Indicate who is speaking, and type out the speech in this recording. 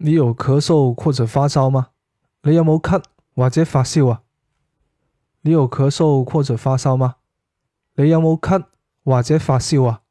Speaker 1: 你有咳嗽或者發燒嗎？你有冇咳或者發燒啊？你有咳嗽或者發燒嗎？你有冇咳
Speaker 2: 或者發燒啊？